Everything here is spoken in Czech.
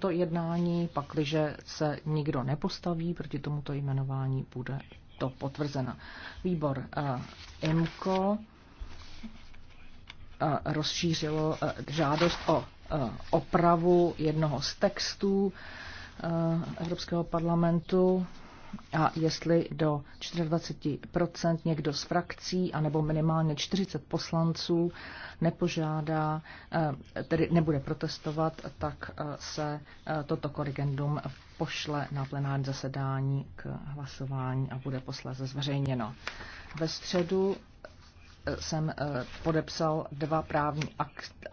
to jednání, pakliže se nikdo nepostaví proti tomuto jmenování, bude to potvrzeno. Výbor eh, IMCO eh, rozšířilo eh, žádost o opravu jednoho z textů Evropského parlamentu a jestli do 24% někdo z frakcí anebo minimálně 40 poslanců nepožádá, eh, tedy nebude protestovat, tak eh, se eh, toto korrigendum pošle na plenární zasedání k hlasování a bude posléze zveřejněno. Ve středu jsem podepsal dva právní akt.